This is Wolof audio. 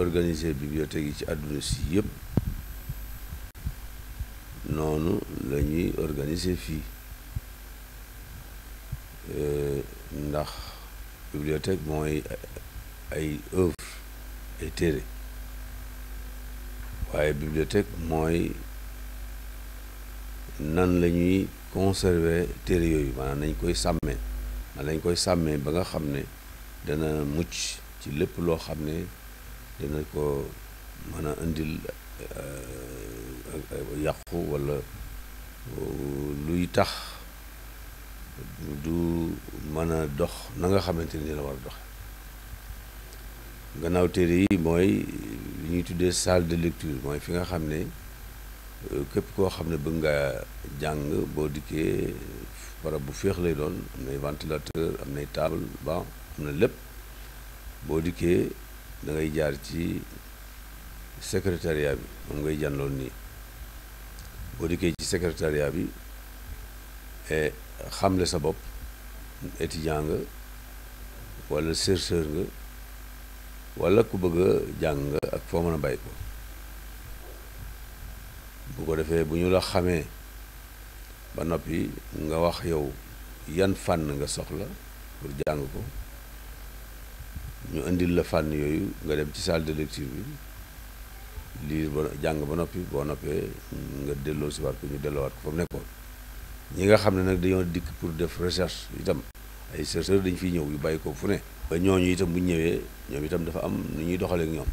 organiser bibliothèque yi ci àdduna si yëpp noonu lañuy ñuy organiser fii euh, ndax bibliothèque mooy ay œuvre ay téere waaye bibliothèque mooy nan la ñuy conserver téere yooyu man nañ koy sàmmee man lañ koy sàmmee ba nga xam ne dana mucc ci lépp loo xam ne dina ko mën a indil euh, yàqu walla luy tax du mën a dox na nga xamante ni la war a doxe gannaaw téere yi mooy li ñuy tuddee salle de lecture mooy fi nga xam ne euh, képp koo xam ne bëgg nga jàng boo dikkee barab bu féex lay doon am nay ventilateur am nay taal banc am na lépp boo dikkee da ngay jaar ci secrétariat bi moom ngay jànloon nii boo dikkee ci secrétariat bi eh, xamle sa bopp étudiant nga wala chercheur nga wala ku bëgg jàng nga ak foo mën a bàyyi ko bu ko defee bu ñu la xamee ba noppi nga wax yow yan fànn nga soxla pour jàng ko ñu indil la fànn yooyu nga dem ci salle de lecture bi lire ba jàng ba noppi boo noppee nga delloo si waat ko ñu delloowaat ko fa mu nekkoon ñi nga xam ne nag dañoo dikk pour def recherche itam ay chercheurs dañ fiy ñëw yu bàyyi ko fu ne. ba ñooñu itam bu ñëwee ñoom itam dafa am nu ñuy doxaleek ñoom.